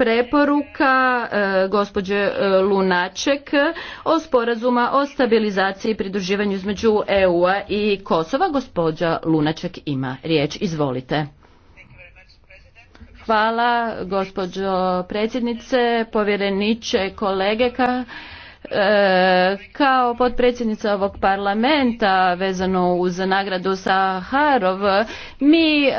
preporuka e, gospođe e, Lunaček o sporazuma o stabilizaciji i pridruživanju između EU-a i Kosova. Gospođa Lunaček ima riječ. Izvolite. Hvala gospođo predsjednice, povjereniče, kolegeka. E, kao potpredsjednica ovog parlamenta vezano uz nagradu Saharov mi e,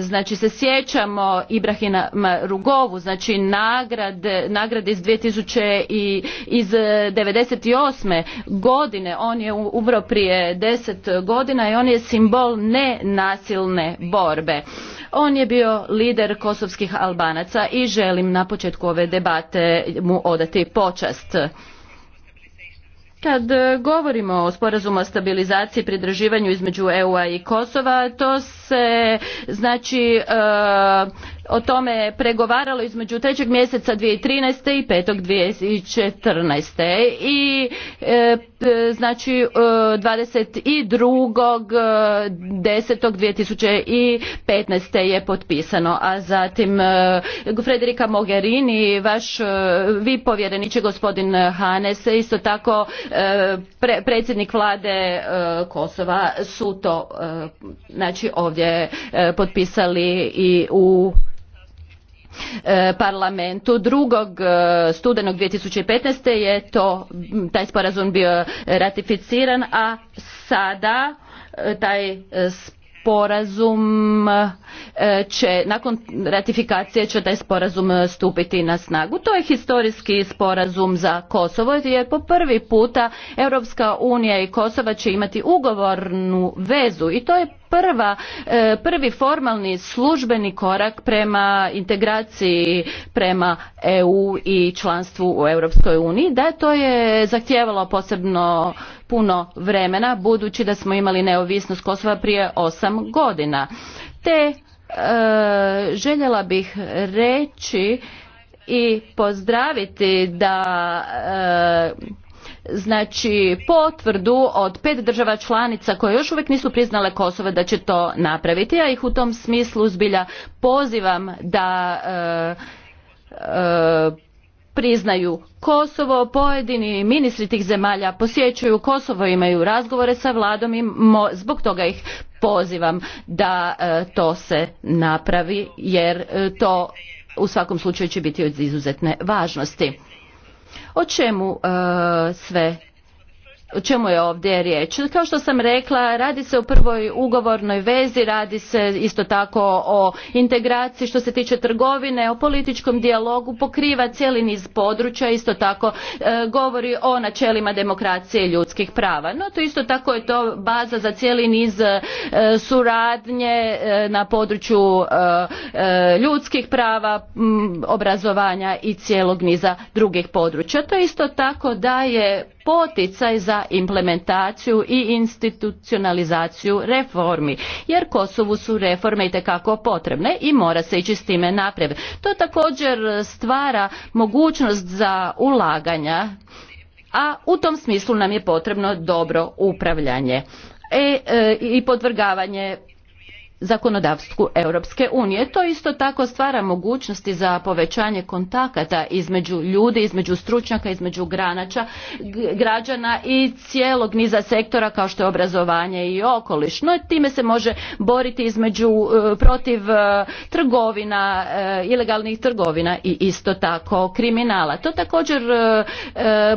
znači se sjećamo Ibrahima Rugovu znači nagrade, nagrade iz 2000 i iz 98. godine on je umro prije 10 godina i on je simbol nenasilne borbe on je bio lider kosovskih albanaca i želim na početku ove debate mu odati počast. Kad e, govorimo o sporazumu o stabilizaciji i pridruživanju između EU-a i Kosova, to se znači e, o tome je pregovaralo između 3. mjeseca 2013. i 5. 2014. i e, znači e, e petnaest je potpisano a zatim e, Frederika Mogherini vaš e, vi povjereniče gospodin Hanes isto tako e, predsjednik vlade Kosova su to znači ovdje potpisali i u E, parlamentu. Drugog e, studenog 2015. je to, taj sporazum bio ratificiran, a sada e, taj sporazum će, nakon ratifikacije će taj sporazum stupiti na snagu. To je historijski sporazum za Kosovo jer po prvi puta Europska unija i Kosova će imati ugovornu vezu i to je E, prvi formalni službeni korak prema integraciji prema EU i članstvu u Europskoj uniji. Da, to je zahtijevalo posebno puno vremena budući da smo imali neovisnost Kosova prije osam godina. Te e, željela bih reći i pozdraviti da e, znači potvrdu od pet država članica koje još uvijek nisu priznale Kosovo da će to napraviti. Ja ih u tom smislu zbilja pozivam da e, e, priznaju Kosovo, pojedini ministri tih zemalja posjećuju Kosovo, imaju razgovore sa vladom i zbog toga ih pozivam da e, to se napravi jer to u svakom slučaju će biti od izuzetne važnosti. O čemu e, sve o čemu je ovdje riječ? Kao što sam rekla, radi se o prvoj ugovornoj vezi, radi se isto tako o integraciji što se tiče trgovine, o političkom dijalogu, pokriva cijeli niz područja, isto tako e, govori o načelima demokracije i ljudskih prava. No to isto tako je to baza za cijeli niz e, suradnje e, na području ljudskih prava, obrazovanja i cijelog niza drugih područja. To isto tako daje poticaj za implementaciju i institucionalizaciju reformi jer Kosovu su reforme itekako potrebne i mora se ići s time naprijed. To također stvara mogućnost za ulaganja a u tom smislu nam je potrebno dobro upravljanje e, e, i podvrgavanje zakonodavstvu Europske unije. To isto tako stvara mogućnosti za povećanje kontakata između ljudi, između stručnjaka, između granača, građana i cijelog niza sektora kao što je obrazovanje i okoliš. No time se može boriti između e, protiv e, trgovina, e, ilegalnih trgovina i isto tako kriminala. To također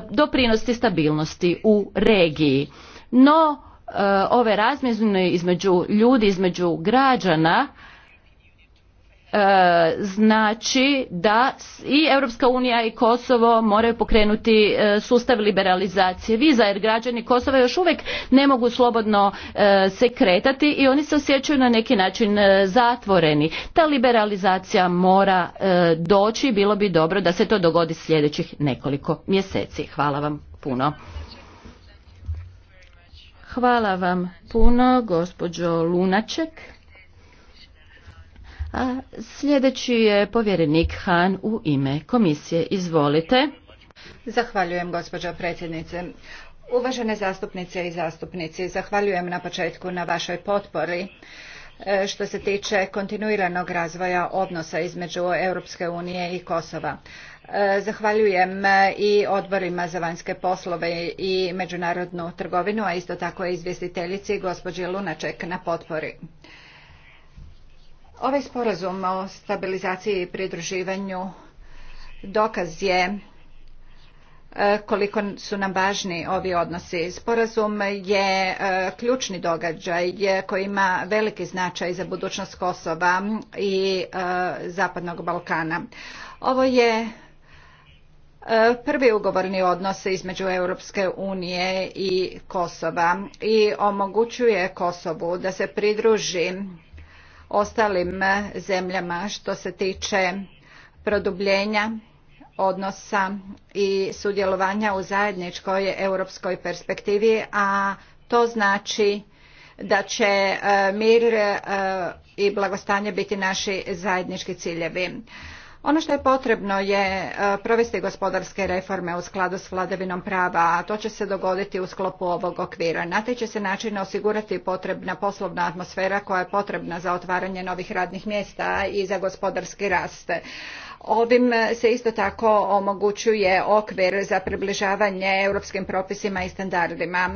doprinosti stabilnosti u regiji. No E, ove razmjene između ljudi, između građana e, znači da i Europska unija i Kosovo moraju pokrenuti e, sustav liberalizacije viza jer građani Kosova još uvijek ne mogu slobodno se kretati i oni se osjećaju na neki način zatvoreni. Ta liberalizacija mora doći, bilo bi dobro da se to dogodi sljedećih nekoliko mjeseci. Hvala vam puno. Hvala vam puno, gospođo Lunaček. A sljedeći je povjerenik Han u ime komisije. Izvolite. Zahvaljujem, gospođo predsjednice. Uvažene zastupnice i zastupnici, zahvaljujem na početku na vašoj potpori e, što se tiče kontinuiranog razvoja odnosa između Europske unije i Kosova. E, zahvaljujem e, i odborima za vanjske poslove i međunarodnu trgovinu, a isto tako i izvjestiteljici gospođi Lunaček na potpori. Ovaj sporazum o stabilizaciji i pridruživanju dokaz je e, koliko su nam važni ovi odnosi. Sporazum je ključni događaj koji ima veliki značaj za budućnost Kosova i Zapadnog Balkana. Ovo je E, prvi ugovorni odnos između Europske unije i Kosova i omogućuje Kosovu da se pridruži ostalim zemljama što se tiče produbljenja odnosa i sudjelovanja u zajedničkoj europskoj perspektivi, a to znači da će e, mir e, i blagostanje biti naši zajednički ciljevi. Ono što je potrebno je e, provesti gospodarske reforme u skladu s vladavinom prava, a to će se dogoditi u sklopu ovog okvira. Na taj će se način osigurati potrebna poslovna atmosfera koja je potrebna za otvaranje novih radnih mjesta i za gospodarski rast Ovim e, se isto tako omogućuje okvir za približavanje europskim propisima i standardima.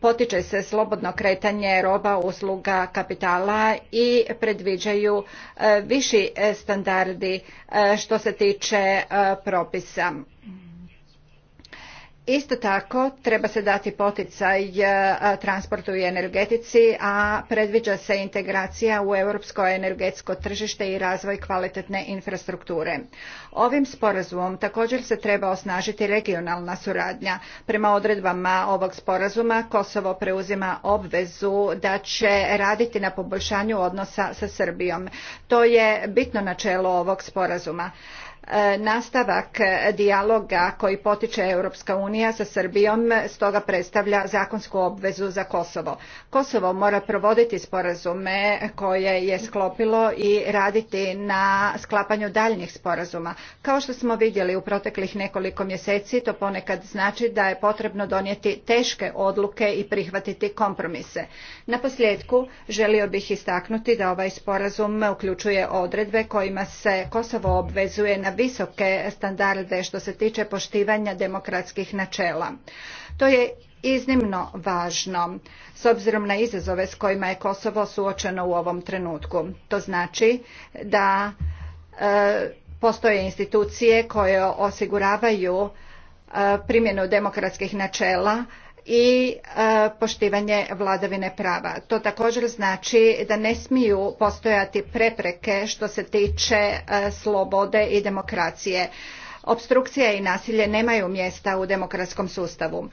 Potiče se slobodno kretanje roba, usluga, kapitala i predviđaju e, viši standardi e, što se tiče propisa. Isto tako treba se dati poticaj e, transportu i energetici, a predviđa se integracija u europsko energetsko tržište i razvoj kvalitetne infrastrukture. Ovim sporazumom također se treba osnažiti regionalna suradnja. Prema odredbama ovog sporazuma Kosovo preuzima obvezu da će raditi na poboljšanju odnosa sa Srbijom. To je bitno načelo ovog sporazuma. E, nastavak dijaloga koji potiče europska unija sa srbijom stoga predstavlja zakonsku obvezu za kosovo. kosovo mora provoditi sporazume koje je sklopilo i raditi na sklapanju daljnjih sporazuma. kao što smo vidjeli u proteklih nekoliko mjeseci to ponekad znači da je potrebno donijeti teške odluke i prihvatiti kompromise. naposljetku želio bih istaknuti da ovaj sporazum uključuje odredbe kojima se kosovo obvezuje na visoke standarde što se tiče poštivanja demokratskih načela. To je iznimno važno s obzirom na izazove s kojima je Kosovo suočeno u ovom trenutku. To znači da e, postoje institucije koje osiguravaju e, primjenu demokratskih načela i e, poštivanje vladavine prava. To također znači da ne smiju postojati prepreke što se tiče e, slobode i demokracije. Obstrukcija i nasilje nemaju mjesta u demokratskom sustavu.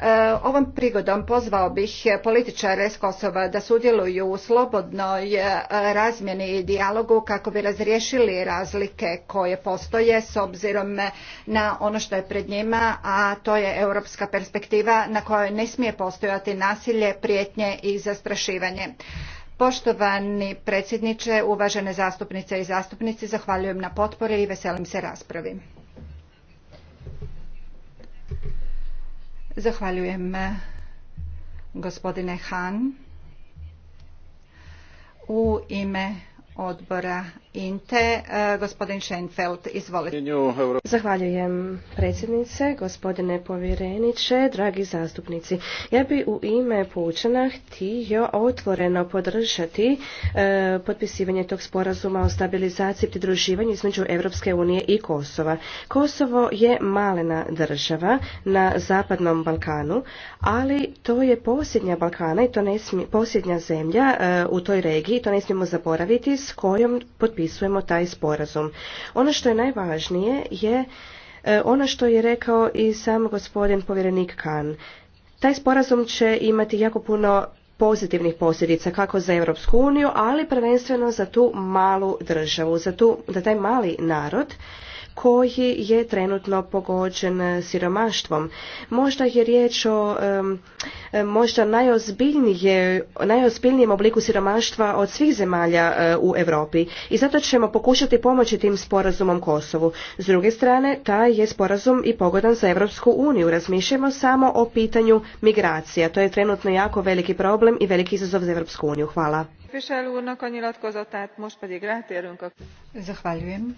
Eh, ovom prigodom pozvao bih političare s Kosova da sudjeluju u slobodnoj eh, razmjeni i dijalogu kako bi razriješili razlike koje postoje s obzirom na ono što je pred njima, a to je europska perspektiva na kojoj ne smije postojati nasilje, prijetnje i zastrašivanje. Poštovani predsjedniče, uvažene zastupnice i zastupnici, zahvaljujem na potpori i veselim se raspravi. Zahvaljujem eh, gospodine Han. U ime odbora E, Zahvaljujem predsjednice, gospodine povjereniče, dragi zastupnici. Ja bi u ime Pučana htio otvoreno podržati e, potpisivanje tog sporazuma o stabilizaciji i pridruživanju između Europske unije i Kosova. Kosovo je malena država na zapadnom Balkanu, ali to je posljednja Balkana i to ne smije, posljednja zemlja e, u toj regiji, to ne smijemo zaboraviti, s kojom potpisujemo potpisujemo taj sporazum. Ono što je najvažnije je e, ono što je rekao i sam gospodin povjerenik Kan. Taj sporazum će imati jako puno pozitivnih posljedica kako za Europsku uniju, ali prvenstveno za tu malu državu, za tu, da taj mali narod koji je trenutno pogođen siromaštvom. Možda je riječ o možda najozbiljnijem obliku siromaštva od svih zemalja e, u Europi i zato ćemo pokušati pomoći tim sporazumom Kosovu. S druge strane, taj je sporazum i pogodan za Europsku uniju. Razmišljamo samo o pitanju migracija. To je trenutno jako veliki problem i veliki izazov za Europsku uniju. Hvala. Zahvaljujem.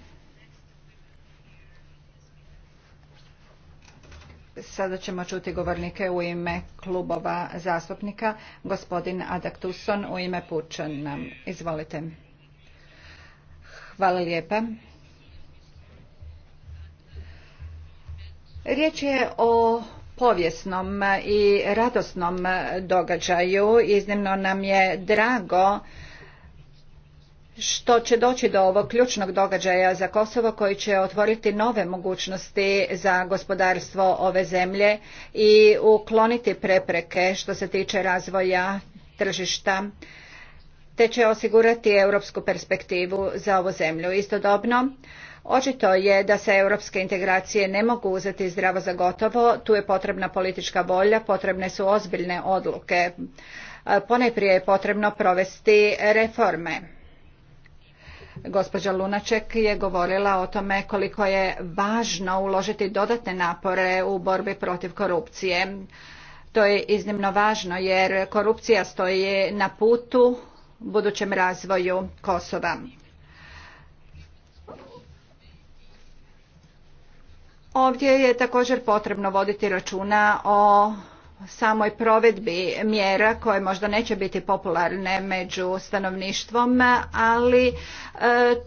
Sada ćemo čuti govornike u ime klubova zastupnika. Gospodin Adak Tuson u ime Pučana. Izvolite. Hvala lijepa. Riječ je o povijesnom i radosnom događaju. Iznimno nam je drago što će doći do ovog ključnog događaja za Kosovo koji će otvoriti nove mogućnosti za gospodarstvo ove zemlje i ukloniti prepreke što se tiče razvoja tržišta te će osigurati europsku perspektivu za ovu zemlju. Istodobno, Očito je da se europske integracije ne mogu uzeti zdravo za gotovo, tu je potrebna politička volja, potrebne su ozbiljne odluke. Poneprije je potrebno provesti reforme. Gospođa Lunaček je govorila o tome koliko je važno uložiti dodatne napore u borbi protiv korupcije. To je iznimno važno jer korupcija stoji na putu budućem razvoju Kosova. Ovdje je također potrebno voditi računa o samoj provedbi mjera koje možda neće biti popularne među stanovništvom, ali e,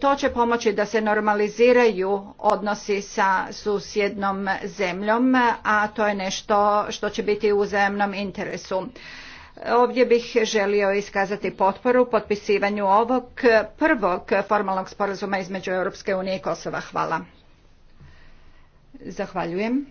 to će pomoći da se normaliziraju odnosi sa susjednom zemljom, a to je nešto što će biti u uzajamnom interesu. Ovdje bih želio iskazati potporu potpisivanju ovog prvog formalnog sporazuma između Europske unije i Kosova. Hvala. Zahvaljujem.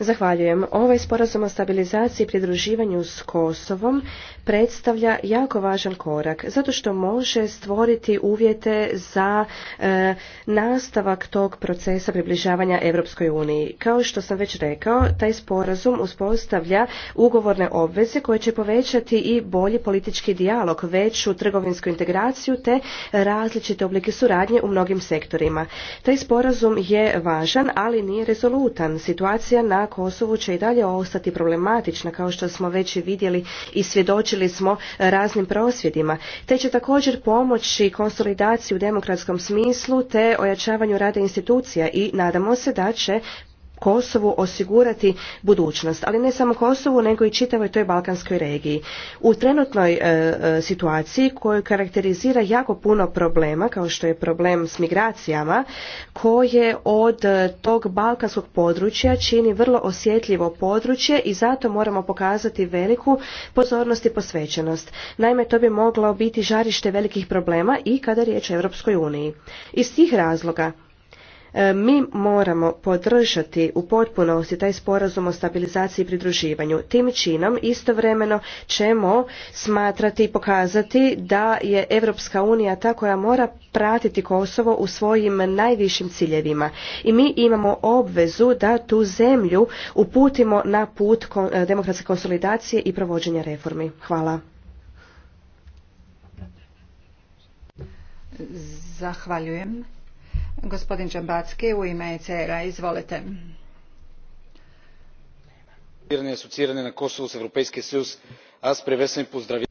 Zahvaljujem. Ovaj sporazum o stabilizaciji i pridruživanju s Kosovom predstavlja jako važan korak, zato što može stvoriti uvjete za e, nastavak tog procesa približavanja Europskoj uniji. Kao što sam već rekao, taj sporazum uspostavlja ugovorne obveze koje će povećati i bolji politički dijalog, veću trgovinsku integraciju te različite oblike suradnje u mnogim sektorima. Taj sporazum je važan, ali nije rezolutan. Situacija na Kosovu će i dalje ostati problematična, kao što smo već i vidjeli i svjedočili smo raznim prosvjedima, te će također pomoći konsolidaciji u demokratskom smislu te ojačavanju rada institucija i nadamo se da će Kosovu osigurati budućnost, ali ne samo Kosovu, nego i čitavoj toj balkanskoj regiji. U trenutnoj e, e, situaciji koju karakterizira jako puno problema, kao što je problem s migracijama, koje od e, tog balkanskog područja čini vrlo osjetljivo područje i zato moramo pokazati veliku pozornost i posvećenost. Naime, to bi moglo biti žarište velikih problema i kada je riječ o Europskoj uniji. Iz tih razloga E, mi moramo podržati u potpunosti taj sporazum o stabilizaciji i pridruživanju. Tim činom istovremeno ćemo smatrati i pokazati da je Europska unija ta koja mora pratiti Kosovo u svojim najvišim ciljevima. I mi imamo obvezu da tu zemlju uputimo na put e, demokratske konsolidacije i provođenja reformi. Hvala. Zahvaljujem. Gospodin Džambacki u ime ECR-a, izvolite. asocirane na Kosovo s Europejski sijus, a prevesen pozdravljam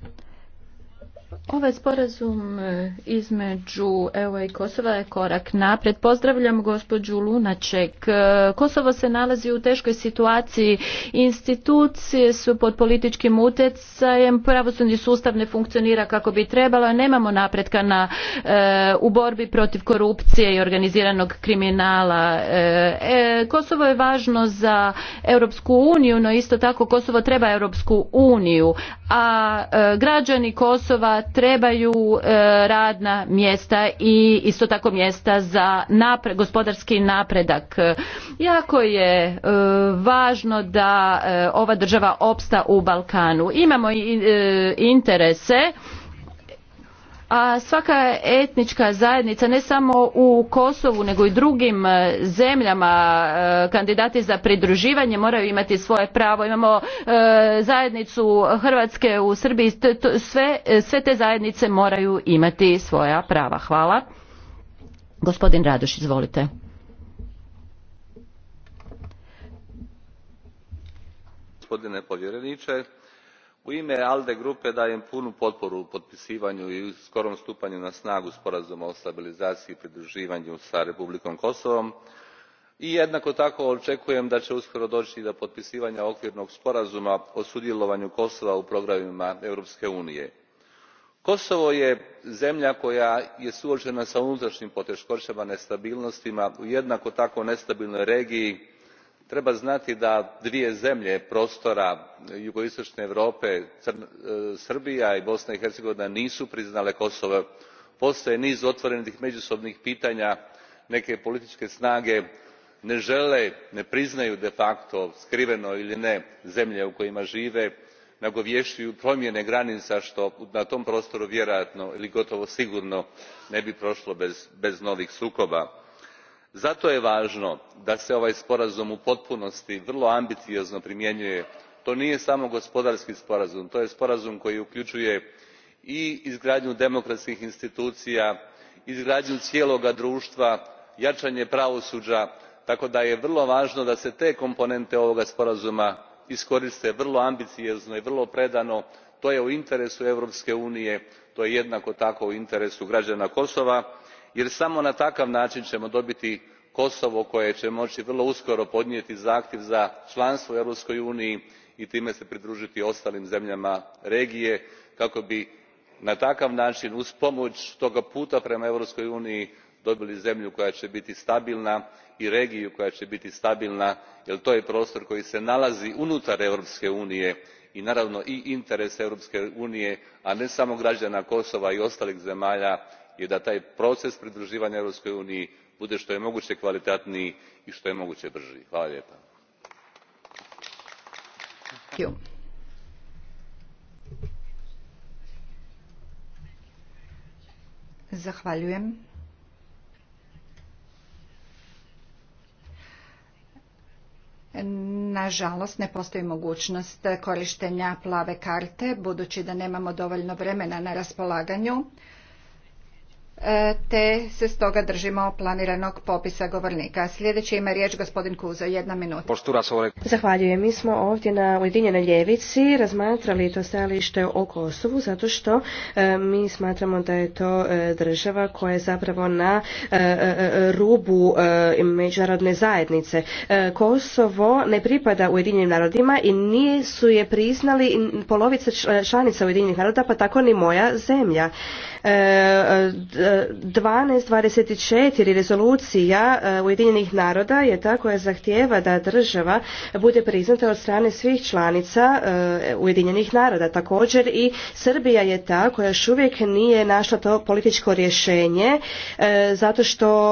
Ovaj sporazum e, između EU i Kosova je korak napred. Pozdravljam gospođu Lunaček. E, Kosovo se nalazi u teškoj situaciji. Institucije su pod političkim utjecajem, pravosudni sustav ne funkcionira kako bi trebalo, nemamo napretka na, e, u borbi protiv korupcije i organiziranog kriminala. Kosovo je važno za Europsku uniju, no isto tako Kosovo treba Europsku uniju, a građani Kosova trebaju e, radna mjesta i isto tako mjesta za gospodarski napredak. Jako je e, važno da e, ova država opsta u Balkanu. Imamo interese a svaka etnička zajednica ne samo u Kosovu nego i drugim e, zemljama e, kandidati za pridruživanje moraju imati svoje pravo. Imamo e, zajednicu Hrvatske u Srbiji, sve, te zajednice moraju imati svoja prava. Hvala. Gospodin Radoš, izvolite. Gospodine u ime alde grupe dajem punu potporu potpisivanju i skorom stupanju na snagu sporazuma o stabilizaciji i pridruživanju s republikom Kosovom i jednako tako očekujem da će uskoro doći do potpisivanja okvirnog sporazuma o sudjelovanju kosova u programima europske unije. kosovo je zemlja koja je suočena s unutranjim poteškoćama, nestabilnostima u jednako tako nestabilnoj regiji treba znati da dvije zemlje prostora jugoistočne europe e, srbija i bosna i hercegovina nisu priznale kosovo. postoji niz otvorenih međusobnih pitanja neke političke snage ne žele ne priznaju de facto skriveno ili ne zemlje u kojima žive nagovješćuju promjene granica što na tom prostoru vjerojatno ili gotovo sigurno ne bi prošlo bez novih sukoba zato je važno da se ovaj sporazum u potpunosti vrlo ambiciozno primjenjuje. to nije samo gospodarski sporazum to je sporazum koji uključuje i izgradnju demokratskih institucija izgradnju cijeloga društva jačanje pravosuđa tako da je vrlo važno da se te komponente ovoga sporazuma iskoriste vrlo ambiciozno i vrlo predano. to je u interesu europske unije to je jednako tako u interesu građana kosova jer samo na takav način ćemo dobiti kosovo koje će moći vrlo uskoro podnijeti zahtjev za članstvo u europskoj uniji i time se pridružiti ostalim zemljama regije kako bi na takav način uz pomoć toga puta prema europskoj uniji dobili zemlju koja će biti stabilna i regiju koja će biti stabilna jer to je prostor koji se nalazi unutar europske unije i naravno i interes europske unije a ne samo građana kosova i ostalih zemalja je da taj proces pridruživanja europskoj uniji bude što je moguće kvalitetniji i što je moguće brži. hvala nažalost ne postoji mogućnost korištenja plave karte budući da nemamo dovoljno vremena na raspolaganju E, te se stoga držimo planiranog popisa govornika. Sljedeći ima riječ gospodin Kuzo, jedna minuta. Zahvaljujem. Mi smo ovdje na Ujedinjenoj ljevici razmatrali to stajalište o Kosovu zato što e, mi smatramo da je to e, država koja je zapravo na rubu međunarodne zajednice. Kosovo ne pripada Ujedinjenim narodima i nisu je priznali polovica članica Ujedinjenih naroda pa tako ni moja zemlja 1224 rezolucija e, Ujedinjenih naroda je ta koja zahtijeva da država bude priznata od strane svih članica e, Ujedinjenih naroda. Također i Srbija je ta koja još uvijek nije našla to političko rješenje e, zato što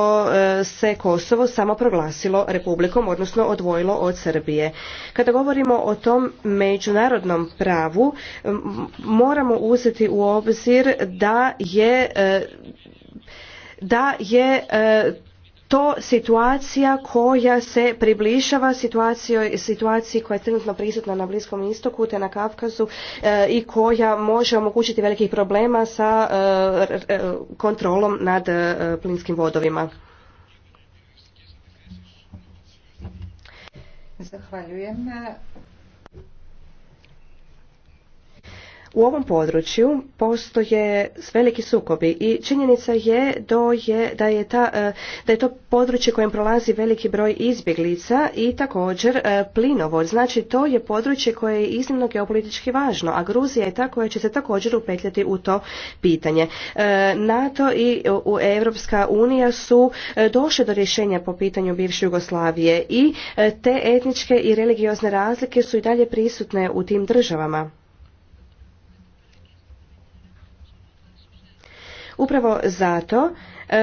se Kosovo samo proglasilo republikom, odnosno odvojilo od Srbije. Kada govorimo o tom međunarodnom pravu, moramo uzeti u obzir da je da je e, to situacija koja se približava situaciji koja je trenutno prisutna na Bliskom istoku te na Kafkazu e, i koja može omogućiti velikih problema sa e, kontrolom nad plinskim vodovima. Zahvaljujem. U ovom području postoje veliki sukobi i činjenica je, e, da, je to područje kojem prolazi veliki broj izbjeglica i također e, plinovod. Znači to je područje koje je iznimno geopolitički važno, a Gruzija je ta koja će se također upetljati u to pitanje. E, NATO i Europska unija su došle do rješenja po pitanju bivše Jugoslavije i te etničke i religiozne razlike su i dalje prisutne u tim državama. Upravo zato e,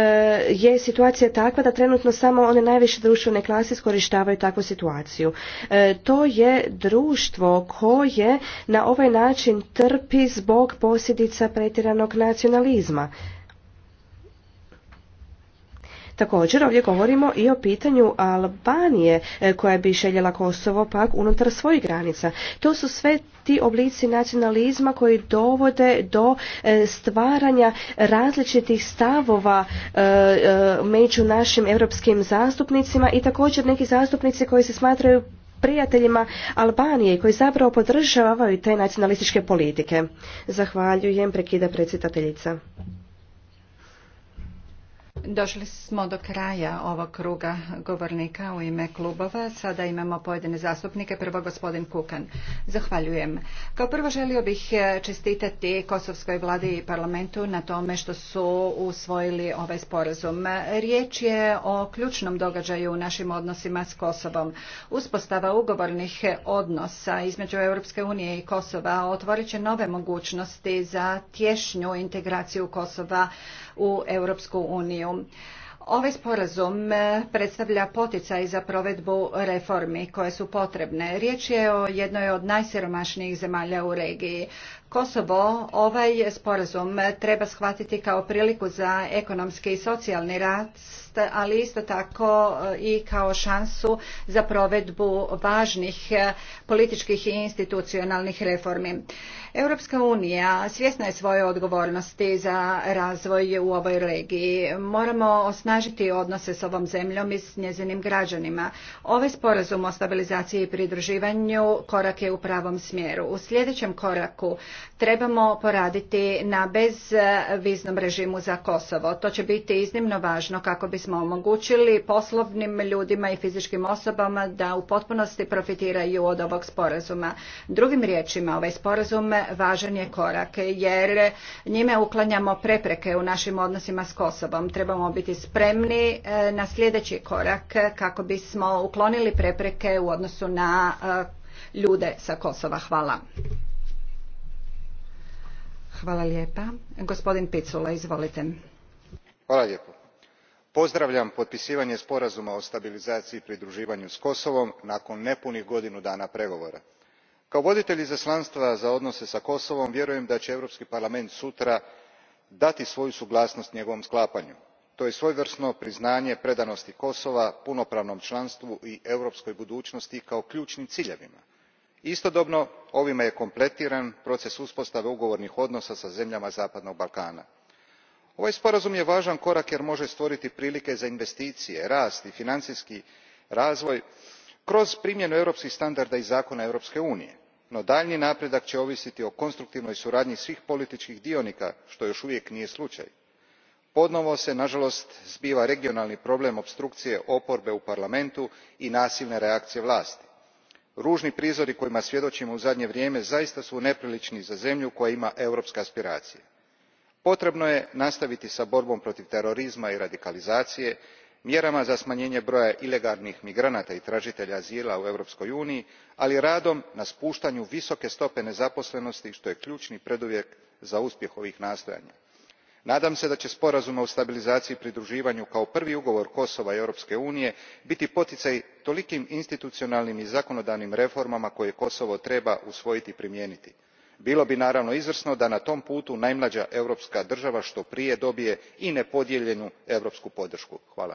je situacija takva da trenutno samo one najviše društvene klase skorištavaju takvu situaciju. E, to je društvo koje na ovaj način trpi zbog posljedica pretjeranog nacionalizma. Također ovdje govorimo i o pitanju Albanije e, koja bi šeljela Kosovo pak unutar svojih granica. To su sve ti oblici nacionalizma koji dovode do e, stvaranja različitih stavova e, među našim europskim zastupnicima i također neki zastupnici koji se smatraju prijateljima Albanije koji zapravo podržavaju te nacionalističke politike. Zahvaljujem, prekida predsjedateljica. Došli smo do kraja ovog kruga govornika u ime klubova. Sada imamo pojedine zastupnike. Prvo gospodin Kukan. Zahvaljujem. Kao prvo želio bih e, čestitati Kosovskoj vladi i parlamentu na tome što su usvojili ovaj sporazum. Riječ je o ključnom događaju u našim odnosima s Kosovom. Uspostava ugovornih odnosa između Europske unije i Kosova otvorit će nove mogućnosti za tješnju integraciju Kosova u Europsku uniju. Ovaj sporazum eh, predstavlja poticaj za provedbu reformi koje su potrebne. Riječ je o jednoj od najsiromašnijih zemalja u regiji. Kosovo ovaj sporazum treba shvatiti kao priliku za ekonomski i socijalni rast, ali isto tako e, i kao šansu za provedbu važnih e, političkih i institucionalnih reformi. Europska unija svjesna je svoje odgovornosti za razvoj u ovoj regiji. Moramo osnažiti odnose s ovom zemljom i s njezinim građanima. Ovaj sporazum o stabilizaciji i pridruživanju korak je u pravom smjeru. U sljedećem koraku trebamo poraditi na bezviznom režimu za Kosovo. To će biti iznimno važno kako bismo omogućili poslovnim ljudima i fizičkim osobama da u potpunosti profitiraju od ovog sporazuma. Drugim riječima, ovaj sporazum važan je korak jer njime uklanjamo prepreke u našim odnosima s Kosovom. Trebamo biti spremni e, na sljedeći korak kako bismo uklonili prepreke u odnosu na e, ljude sa Kosova. Hvala. Hvala lijepo. Pozdravljam potpisivanje sporazuma o stabilizaciji i pridruživanju s Kosovom nakon nepunih godinu dana pregovora. Kao voditelj izaslanstva za odnose sa Kosovom vjerujem da će Europski parlament sutra dati svoju suglasnost njegovom sklapanju. To je svojevrsno priznanje predanosti Kosova punopravnom članstvu i europskoj budućnosti kao ključnim ciljevima istodobno ovime je kompletiran proces uspostave ugovornih odnosa sa zemljama zapadnog balkana. ovaj sporazum je važan korak jer može stvoriti prilike za investicije rast i financijski razvoj kroz primjenu europskih standarda i zakona europske unije no daljnji napredak će ovisiti o konstruktivnoj suradnji svih političkih dionika što još uvijek nije slučaj. ponovo se nažalost, zbiva regionalni problem opstrukcije oporbe u parlamentu i nasilne reakcije vlasti ružni prizori kojima svjedočimo u zadnje vrijeme zaista su neprilični za zemlju koja ima europske aspiracije. potrebno je nastaviti s borbom protiv terorizma i radikalizacije mjerama za smanjenje broja ilegalnih migranata i tražitelja azila u europskoj uniji ali i radom na spuštanju visoke stope nezaposlenosti što je ključni preduvjet za uspjeh ovih nastojanja nadam se da će sporazum o stabilizaciji i pridruživanju kao prvi ugovor kosova i europske unije biti poticaj tolikim institucionalnim i zakonodavnim reformama koje kosovo treba usvojiti i primijeniti. bilo bi naravno izvrsno da na tom putu najmlađa europska država što prije dobije i nepodijeljenu europsku podršku. hvala.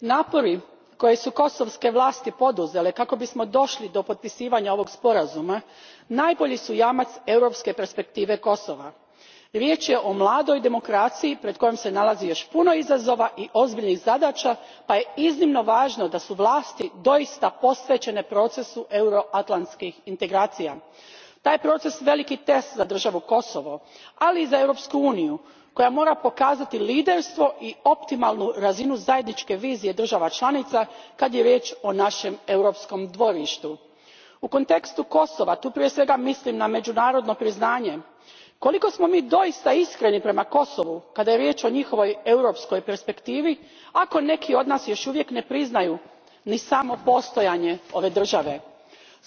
napori koje su kosovske vlasti poduzele kako bismo došli do potpisivanja ovog sporazuma najbolji su jamac europske perspektive kosova. riječ je o mladoj demokraciji pred kojom se nalazi još puno izazova i ozbiljnih zadaća pa je iznimno važno da su vlasti doista posvećene procesu euroatlantskih integracija taj je proces veliki test za državu kosovo ali i za europsku uniju koja mora pokazati liderstvo i optimalnu razinu zajedničke vizije država članica kad je riječ o našem europskom dvorištu. u kontekstu kosova tu prije svega mislim na međunarodno priznanje. koliko smo mi doista iskreni prema kosovu kada je riječ o njihovoj europskoj perspektivi ako neki od nas još uvijek ne priznaju ni samo postojanje ove države?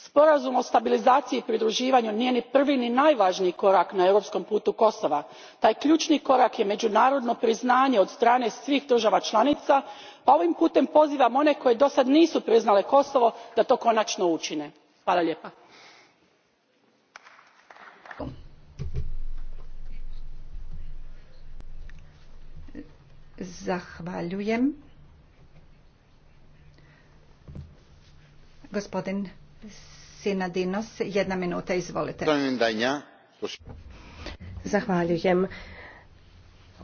sporazum o stabilizaciji i pridruživanju nije ni prvi ni najvažniji korak na europskom putu kosova. taj ključni korak je međunarodno priznanje od strane svih država članica pa ovim putem pozivam one koje dosad nisu priznale kosovo da to konačno učine. Gospodin jedna minuta, izvolite. Zahvaljujem.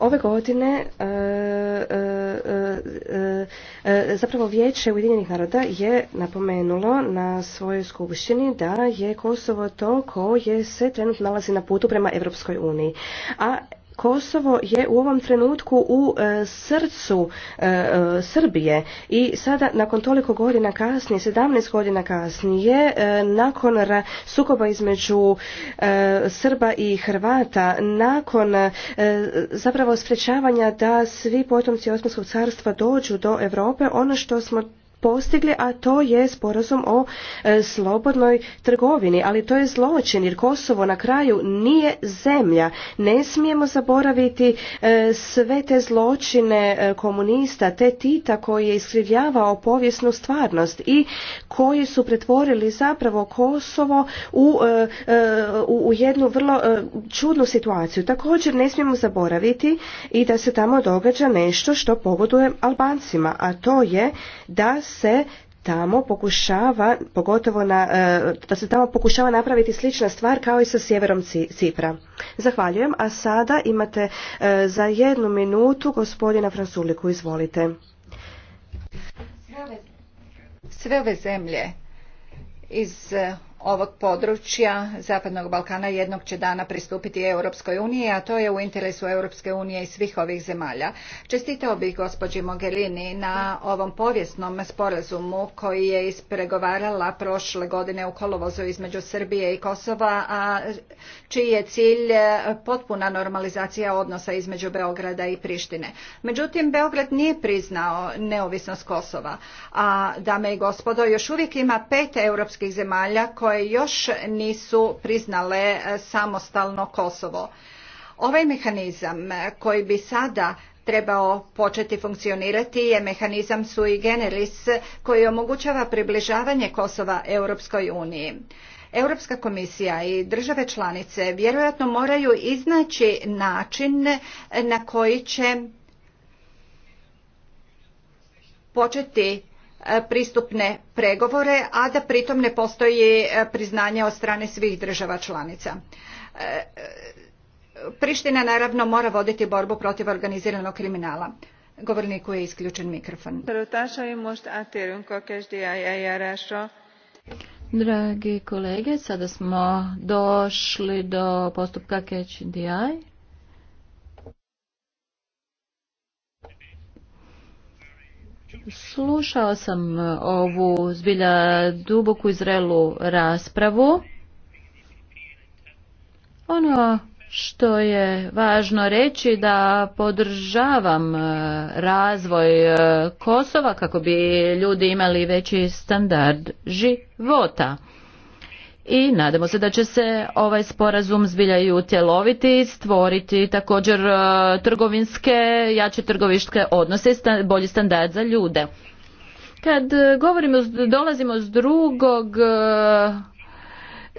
Ove godine e, e, e, zapravo Vijeće Ujedinjenih naroda je napomenulo na svojoj skupštini da je Kosovo to koje se trenutno nalazi na putu prema Europskoj uniji. A Kosovo je u ovom trenutku u e, srcu e, e, Srbije i sada nakon toliko godina kasnije, 17 godina kasnije, nakon sukoba između Srba i Hrvata, nakon zapravo sprečavanja da svi potomci Osmanskog carstva dođu do Europe, ono što smo postigli, a to je sporazum o e, slobodnoj trgovini, ali to je zločin jer Kosovo na kraju nije zemlja. Ne smijemo zaboraviti e, sve te zločine e, komunista, te Tita koji je iskrivljavao povijesnu stvarnost i koji su pretvorili zapravo Kosovo u, u jednu vrlo čudnu situaciju. Također ne smijemo zaboraviti i da se tamo događa nešto što pogoduje Albancima, a to je da se tamo pokušava, pogotovo na, e, da se tamo pokušava napraviti slična stvar kao i sa sjeverom Cipra. Zahvaljujem, a sada imate e, za jednu minutu gospodina Fransuliku, izvolite. Sve ove zemlje iz ovog područja Zapadnog Balkana jednog će dana pristupiti Europskoj uniji, a to je u interesu Europske unije i svih ovih zemalja. Čestitao bih gospođi Mogherini na ovom povijesnom sporazumu koji je ispregovarala prošle godine u kolovozu između Srbije i Kosova, a čiji je cilj potpuna normalizacija odnosa između Beograda i Prištine. Međutim, Beograd nije priznao neovisnost Kosova, a dame i gospodo, još uvijek ima pet europskih zemalja koje koje još nisu priznale e, samostalno Kosovo. Ovaj mehanizam e, koji bi sada trebao početi funkcionirati je mehanizam sui generis koji omogućava približavanje Kosova Europskoj uniji. Europska komisija i države članice vjerojatno moraju iznaći način na koji će početi E, pristupne pregovore, a da pritom ne postoji e, priznanje od strane svih država članica. E, Priština naravno mora voditi borbu protiv organiziranog kriminala. Govorniku je isključen mikrofon. Dragi kolege, sada smo došli do postupka Catch Eye. Slušao sam e, ovu zbilja duboku izrelu raspravu. Ono što je važno reći da podržavam e, razvoj e, Kosova kako bi ljudi imali veći standard života i nadamo se da će se ovaj sporazum zbilja i i stvoriti također e, trgovinske, jače trgovištke odnose i bolji standard za ljude. Kad e, govorimo, dolazimo s drugog e,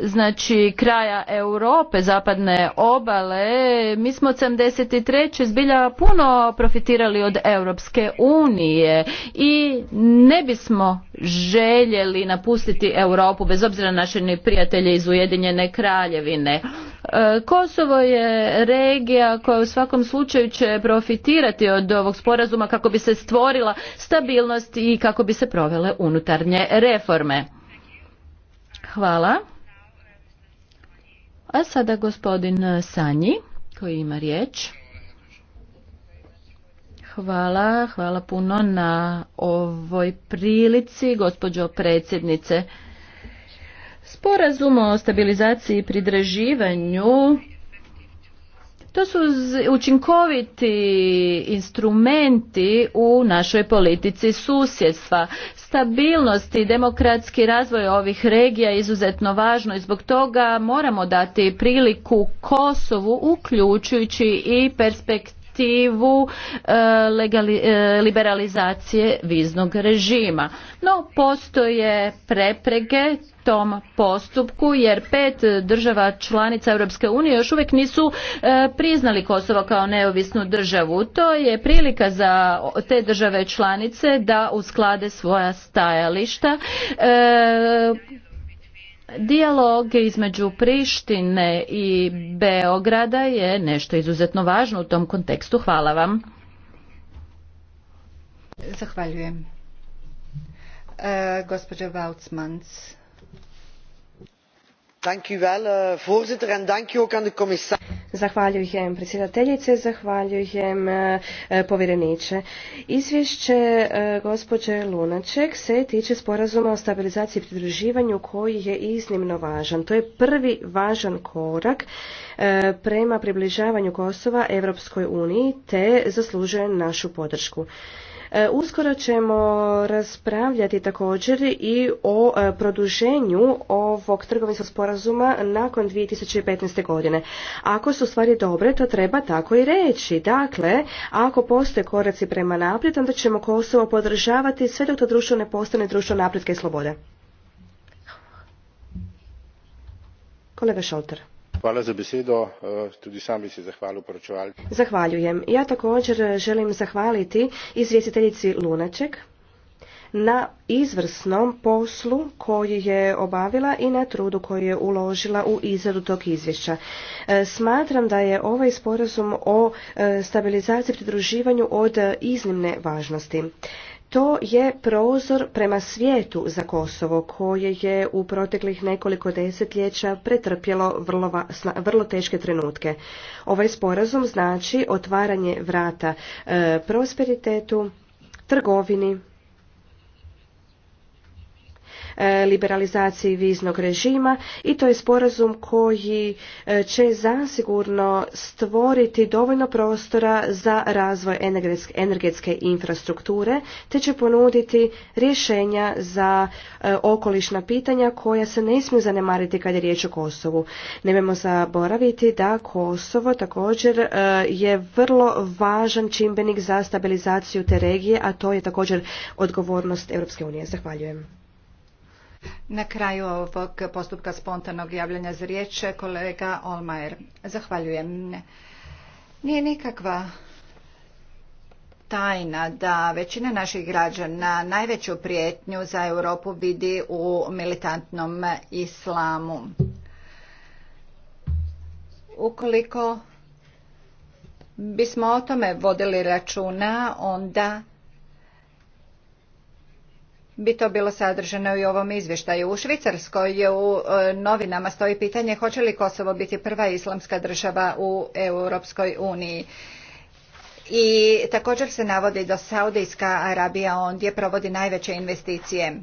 znači kraja Europe, zapadne obale, mi smo od 73. zbilja puno profitirali od Europske unije i ne bismo željeli napustiti Europu bez obzira na naše prijatelje iz Ujedinjene kraljevine. E, Kosovo je regija koja u svakom slučaju će profitirati od ovog sporazuma kako bi se stvorila stabilnost i kako bi se provele unutarnje reforme. Hvala. A sada gospodin e, Sanji koji ima riječ. Hvala, hvala puno na ovoj prilici, gospođo predsjednice. Sporazum o stabilizaciji i pridraživanju... To su učinkoviti instrumenti u našoj politici susjedstva. Stabilnost i demokratski razvoj ovih regija je izuzetno važno i zbog toga moramo dati priliku Kosovu uključujući i perspektivu perspektivu e, e, liberalizacije viznog režima. No, postoje preprege tom postupku jer pet država članica Europske unije još uvijek nisu e, priznali Kosovo kao neovisnu državu. To je prilika za te države članice da usklade svoja stajališta Dijalog između Prištine i Beograda je nešto izuzetno važno u tom kontekstu. Hvala vam. Zahvaljujem. E, gospođa voorzitter dank zahvaljujem predsjedateljice zahvaljujem eh, eh, povjereniče. izvješće eh, gospođe Lunaček se tiče sporazuma o stabilizaciji i pridruživanju koji je iznimno važan. to je prvi važan korak prema približavanju kosova europskoj uniji te zaslužuje našu podršku. E, uskoro ćemo raspravljati također i o e, produženju ovog trgovinskog sporazuma nakon 2015. godine. Ako su stvari dobre, to treba tako i reći. Dakle, ako postoje koraci prema naprijed, onda ćemo Kosovo podržavati sve dok to društvo ne postane društvo napretka i slobode. Kolega Šolter. Hvala e, Tudi sam se Zahvaljujem. Ja također želim zahvaliti izvjestiteljici Lunaček na izvrsnom poslu koji je obavila i na trudu koji je uložila u izradu tog izvješća. E, smatram da je ovaj sporazum o e, stabilizaciji i pridruživanju od iznimne važnosti to je prozor prema svijetu za Kosovo koje je u proteklih nekoliko desetljeća pretrpjelo vrlo, vrlo teške trenutke. Ovaj sporazum znači otvaranje vrata e, prosperitetu, trgovini, E, liberalizaciji viznog režima i to je sporazum koji e, će zasigurno stvoriti dovoljno prostora za razvoj energetske infrastrukture te će ponuditi rješenja za e, okolišna pitanja koja se ne smiju zanemariti kad je riječ o Kosovu. Nemojmo zaboraviti da Kosovo također je vrlo važan čimbenik za stabilizaciju te regije, a to je također odgovornost Europske unije. Zahvaljujem. Na kraju ovog postupka spontanog javljanja za riječ, kolega Olmajer. Zahvaljujem. Nije nikakva tajna da većina naših građana najveću prijetnju za Europu vidi u militantnom islamu. Ukoliko bismo o tome vodili računa, onda bi to bilo sadržano i u ovom izvještaju. U Švicarskoj je u e, novinama stoji pitanje hoće li Kosovo biti prva islamska država u Europskoj uniji. I također se navodi da Saudijska Arabija ondje provodi najveće investicije.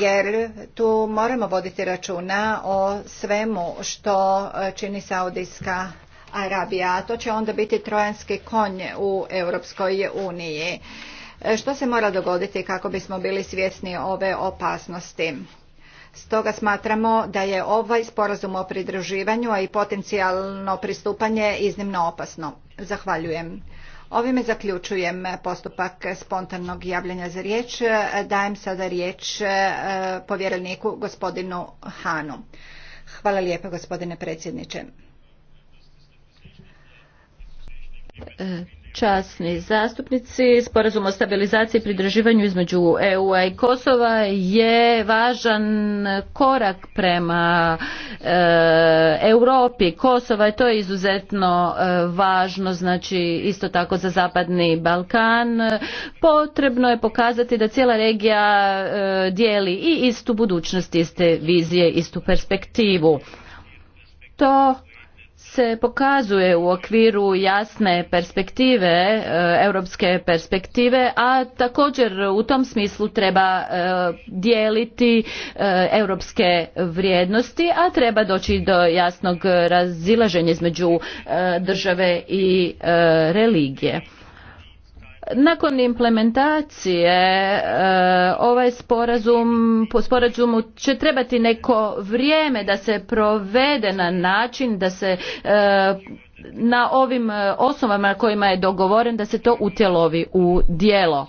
jer tu moramo voditi računa o svemu što čini Saudijska Arabija, a to će onda biti trojanski konj u Europskoj uniji. E, što se mora dogoditi kako bismo bili svjesni ove opasnosti? Stoga smatramo da je ovaj sporazum o pridruživanju, a i potencijalno pristupanje iznimno opasno. Zahvaljujem. Ovime zaključujem postupak spontanog javljanja za riječ. Dajem sada riječ e, povjereniku gospodinu Hanu. Hvala lijepo gospodine predsjedniče. Časni zastupnici, sporazum o stabilizaciji i pridruživanju između EU-a i Kosova je važan korak prema e, Europi, Kosova i to je izuzetno e, važno, znači isto tako za Zapadni Balkan. Potrebno je pokazati da cijela regija e, dijeli i istu budućnost, iste vizije, istu perspektivu. To se pokazuje u okviru jasne perspektive, europske perspektive, a također u tom smislu treba e, dijeliti europske vrijednosti, a treba doći do jasnog razilaženja između e, države i e, religije nakon implementacije e, ovaj sporazum po sporazumu će trebati neko vrijeme da se provede na način da se e, na ovim e, osnovama kojima je dogovoren da se to utjelovi u djelo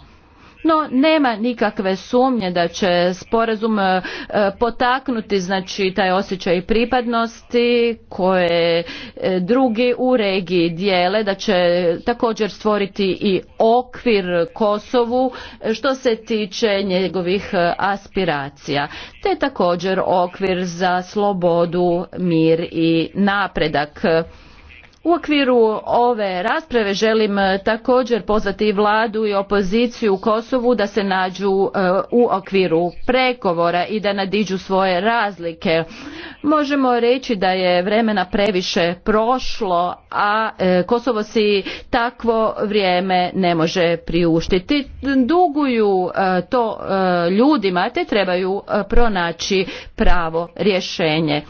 no nema nikakve sumnje da će sporazum e, e, potaknuti znači taj osjećaj pripadnosti koje e, drugi u regiji dijele da će također stvoriti i okvir Kosovu što se tiče njegovih aspiracija te također okvir za slobodu mir i napredak u okviru ove rasprave želim e, također pozvati i vladu i opoziciju u Kosovu da se nađu e, u okviru pregovora i da nadiđu svoje razlike. Možemo reći da je vremena previše prošlo, a e, Kosovo si takvo vrijeme ne može priuštiti. Duguju to ljudima te trebaju pronaći pravo rješenje.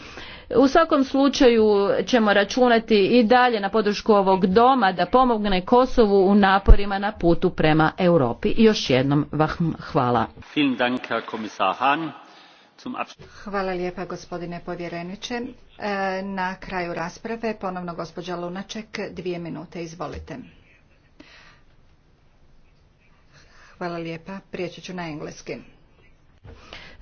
U svakom slučaju ćemo računati i dalje na podršku ovog doma da pomogne Kosovu u naporima na putu prema Europi. još jednom vam hvala. Hvala lijepa gospodine povjereniče. E, na kraju rasprave ponovno gospođa Lunaček, dvije minute, izvolite. Hvala lijepa, prijeći ću na engleski.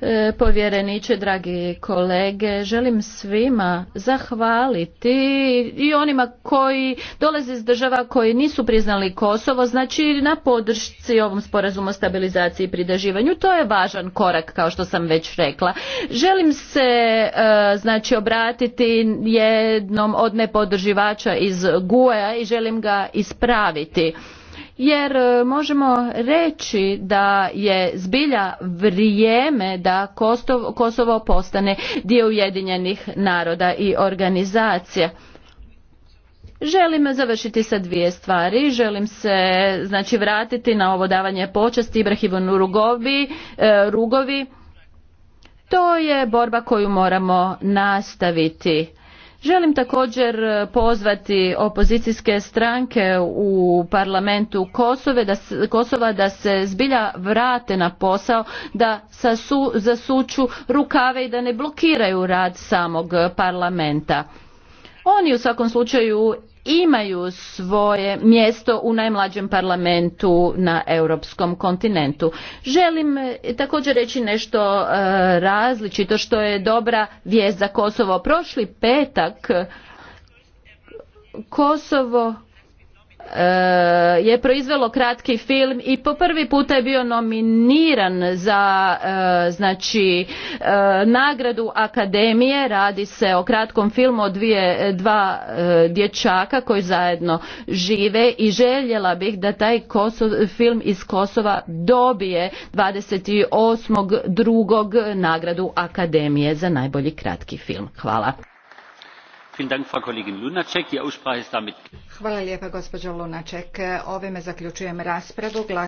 E, povjereniče, dragi kolege. Želim svima zahvaliti i onima koji dolaze iz država koji nisu priznali Kosovo, znači na podršci ovom sporazumu o stabilizaciji i pridaživanju. To je važan korak, kao što sam već rekla. Želim se e, znači obratiti jednom od nepodrživača iz GUE-a i želim ga ispraviti jer e, možemo reći da je zbilja vrijeme da Kosovo postane dio Ujedinjenih naroda i organizacija. Želim završiti sa dvije stvari. Želim se znači vratiti na ovo davanje počasti Ibrahimu Rugovi, e, Rugovi. To je borba koju moramo nastaviti. Želim također e, pozvati opozicijske stranke u parlamentu Kosova da se zbilja vrate na posao, da zasuču rukave i da ne blokiraju rad samog parlamenta. Oni u svakom slučaju imaju svoje mjesto u najmlađem parlamentu na europskom kontinentu. Želim eh, također reći nešto eh, različito što je dobra vijest za Kosovo. Prošli petak Kosovo je proizvelo kratki film i po prvi puta je bio nominiran za e, znači e, nagradu akademije radi se o kratkom filmu o dvije, dva e, dječaka koji zajedno žive i željela bih da taj kosov film iz Kosova dobije drugog nagradu akademije za najbolji kratki film. Hvala. Hvala lijepa gospođo Lunaček. Ovime zaključujem raspravu.